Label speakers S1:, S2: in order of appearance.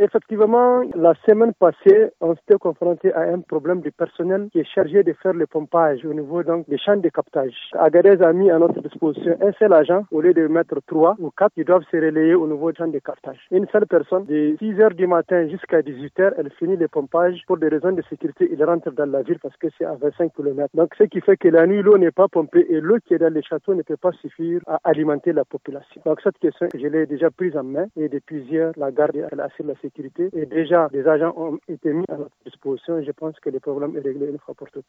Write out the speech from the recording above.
S1: Effectivement, la semaine passée, on s'était confronté à un problème du personnel qui est chargé de faire le pompage au niveau donc des champs de captage. Agadez a mis à notre disposition un seul agent au lieu de mettre trois ou quatre qui doivent se relayer au niveau des champs de captage. Une seule personne, de 6 heures du matin jusqu'à 18 heures, elle finit le pompage. Pour des raisons de sécurité, il rentre dans la ville parce que c'est à 25 km. Donc, ce qui fait que la nuit, l'eau n'est pas pompée et l'eau qui est dans les châteaux ne peut pas suffire à alimenter la population. Donc, cette question, je l'ai déjà prise en main et depuis hier, la garde, elle assez la sécurité et déjà, des agents ont été mis à notre disposition. Je pense que le problème est réglé une fois pour toutes.